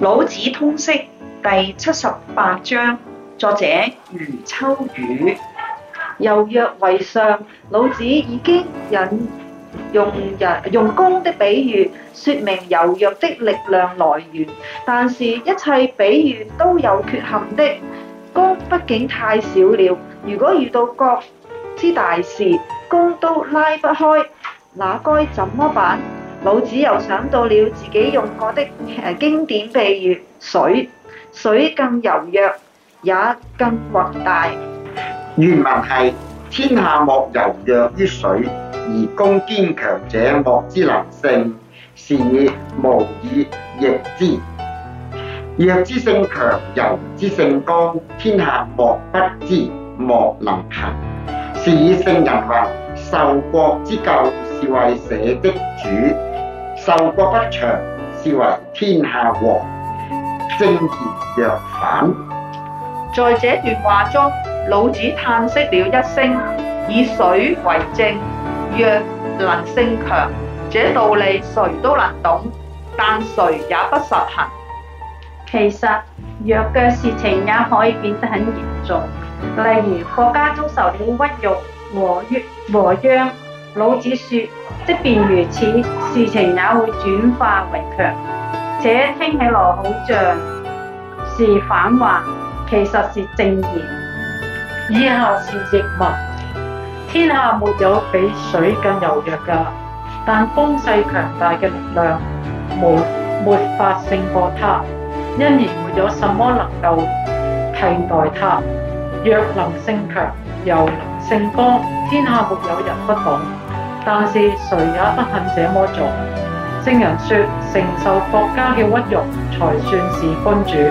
老子通釋第七十八章，作者余秋雨。柔弱為上，老子已經引用人用弓的比喻說明柔弱的力量來源，但是一切比喻都有缺陷的弓畢竟太小了，如果遇到國之大事，弓都拉不開，那該怎麼辦？老子又想到了自己用過的誒經典譬喻水，水更柔弱也更宏大。原文係天下莫柔弱於水，而攻堅強者莫之能勝，是以無以易之。弱之勝強，柔之勝剛，天下莫不知，莫能行。是以聖人懷受國之垢，是為社稷主。受國不祥，是為天下王。正言若反。在這段話中，老子嘆息了一聲：以水為證，弱能勝強，這道理誰都能懂，但誰也不實行。其實，弱嘅事情也可以變得很嚴重，例如國家遭受了屈辱和和殃。老子說。即便如此，事情也會轉化為強，這聽起來好像是反話，其實是正言。以下是譯文：天下沒有比水更柔弱噶，但攻勢強大嘅力量無沒法勝過它，因而沒有什麼能夠替代它。弱能勝強，柔能勝剛，天下沒有人不懂。但是誰也不肯這麼做。聖人說：承受國家嘅屈辱才算是君主，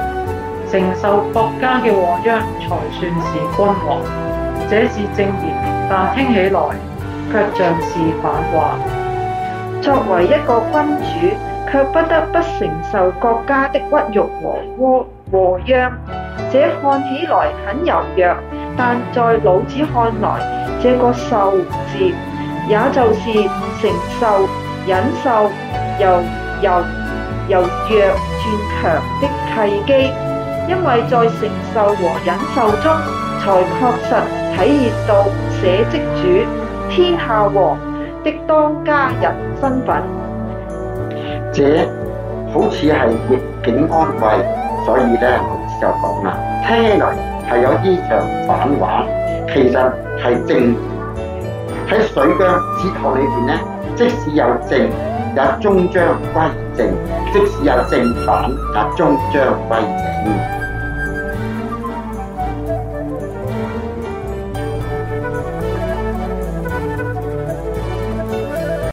承受國家嘅禍殃才算是君王。這是正言，但聽起來卻像是反話。作為一個君主，卻不得不承受國家的屈辱和禍和殃，這看起來很柔弱，但在老子看來，這個受字，也就是承受、忍受，由由由弱轉強的契機，因為在承受和忍受中，才確實體現到社稷主天下王的當家人身份。這好似係逆境安慰，所以呢，老子就講啦，聽嚟係有啲像反話，其實係正。喺水嘅哲學裏邊咧，即使有正，也終將歸正；即使有正反，也終將歸正。